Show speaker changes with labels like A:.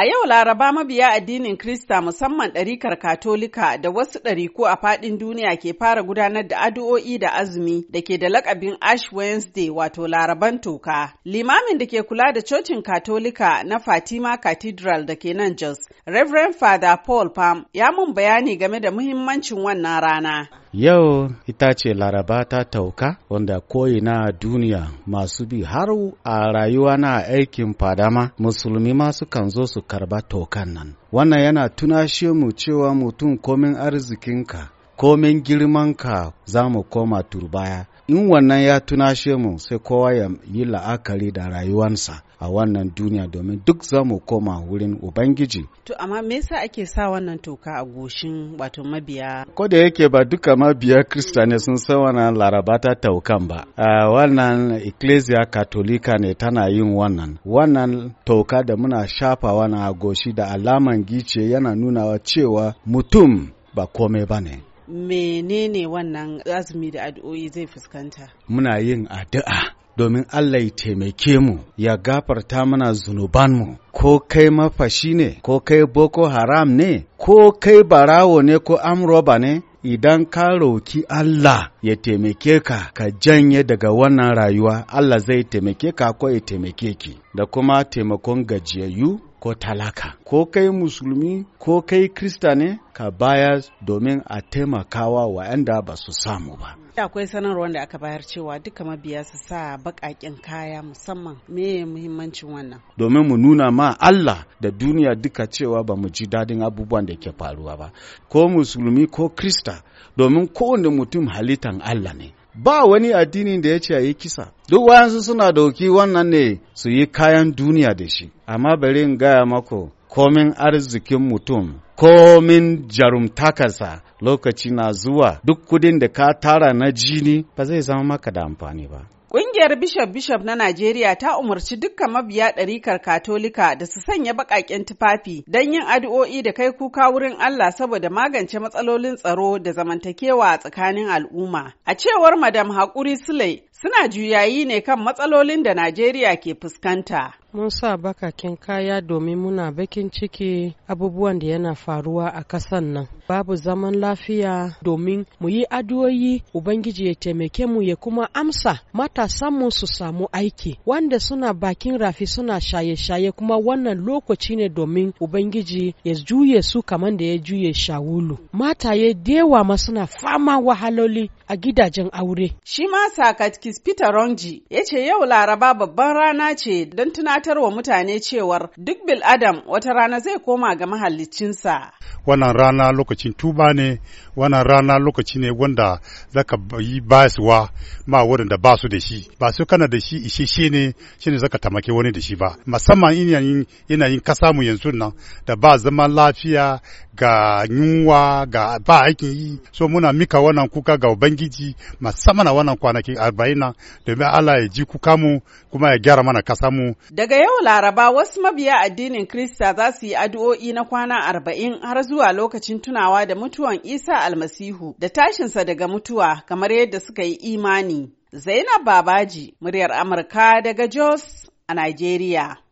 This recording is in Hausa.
A: A yau Laraba mabiya addinin Krista musamman ɗarikar Katolika da wasu ɗariku a faɗin duniya ke fara gudanar da addu'o'i da azumi da ke da lakabin Ash Wednesday wato Laraban toka. Limamin da ke kula da cocin Katolika na Fatima Cathedral da ke nan Jos, Reverend Father Paul Pam ya mun bayani game da muhimmancin wannan rana.
B: Yau ita ce Laraba ta tauka wanda koyi na duniya masu bi har a rayuwa na aikin fadama musulmi ma sukan zo su karba tokan nan. Wannan yana tunashe mu cewa mutum komin arzikinka, komin girmanka za mu koma turbaya. in wannan ya tunashe mu sai kowa ya yi la'akari da rayuwansa a wannan duniya domin duk za mu koma wurin ubangiji
A: to amma me yasa ake sa wannan toka a goshin wato mabiya
B: ko da yake ba duka mabiya krista ne sun san wannan laraba ta taukan ba wannan ecclesia katolika ne tana yin wannan wannan toka da muna shafawa na goshi da alaman gice yana nunawa cewa mutum ba komai ba ne
A: menene wannan azumi da addu'o'i zai fuskanta
B: muna yin addu'a domin Allah ya taimake mu ya gafarta mana zunuban mu. ko kai mafashi ne ko kai boko haram ne ko kai barawo ne ko amroba ne idan ka roki Allah ya taimake ka ka janye daga wannan rayuwa Allah zai taimake ka ko ya taimake ki da kuma taimakon gajiyayyu ko talaka ko kai musulmi ko kai krista ne ka baya domin a taimakawa wa'anda ba su samu ba
A: akwai sanarwar da aka bayar cewa duka mabiya su sa baƙaƙen kaya musamman me muhimmancin wannan
B: domin mu nuna ma Allah da duniya duka cewa ba mu ji dadin abubuwan da ke faruwa ba ko musulmi ko krista domin kowane mutum halittan Allah ne ba wani addini da ya ce a yi kisa duk wayansu suna dauki wannan ne su yi kayan duniya da shi amma bari in gaya mako komin arzikin mutum komin jarumtakarsa lokaci na zuwa duk kudin da ka tara na jini ba zai zama maka da amfani ba
A: Ƙungiyar Bishop Bishop na Najeriya ta umarci dukkan mabiya ɗarikar Katolika da su sanya baƙaƙen tufafi don yin addu'o'i da kai kuka wurin Allah saboda magance matsalolin tsaro da zamantakewa a tsakanin al'umma. A cewar Madam Haƙuri Sule suna juyayi ne kan matsalolin da Najeriya ke fuskanta.
C: mun sa bakakin kaya domin muna bakin ciki abubuwan da yana faruwa a kasan nan babu zaman lafiya domin mu yi adoyi ubangiji ya taimake mu ya kuma amsa matasanmu su samu aiki wanda suna bakin rafi suna shaye-shaye kuma wannan lokaci ne domin ubangiji ya juye su kamar da ya juye shawulu mataye dewa
A: ma suna fama wahaloli a gidajen aure shi ma sakatkis Peter Ronji ya ce yau laraba babban rana ce don tuna tunatar wa mutane cewar duk bil'adam wata rana zai koma ga mahallicinsa.
D: Wannan rana lokacin tuba ne, wannan rana lokaci ne wanda zaka yi basuwa ma wurin da ba su da shi. Ba su kana da shi shi ne shi ne zaka tamake wani da shi ba. Musamman yanayin yin kasa mu yanzu nan da ba zaman lafiya ga yunwa ga ba aikin yi so muna mika wannan kuka ga ubangiji musamman a wannan kwanaki arba'in domin Allah ya ji kuka mu kuma ya gyara mana kasa mu
A: daga yau laraba wasu mabiya addinin krista za su yi addu'o'i na kwana arba'in har zuwa lokacin tunawa da mutuwan isa almasihu da tashinsa daga mutuwa kamar yadda suka yi imani zainab babaji muryar amurka daga jos a nigeria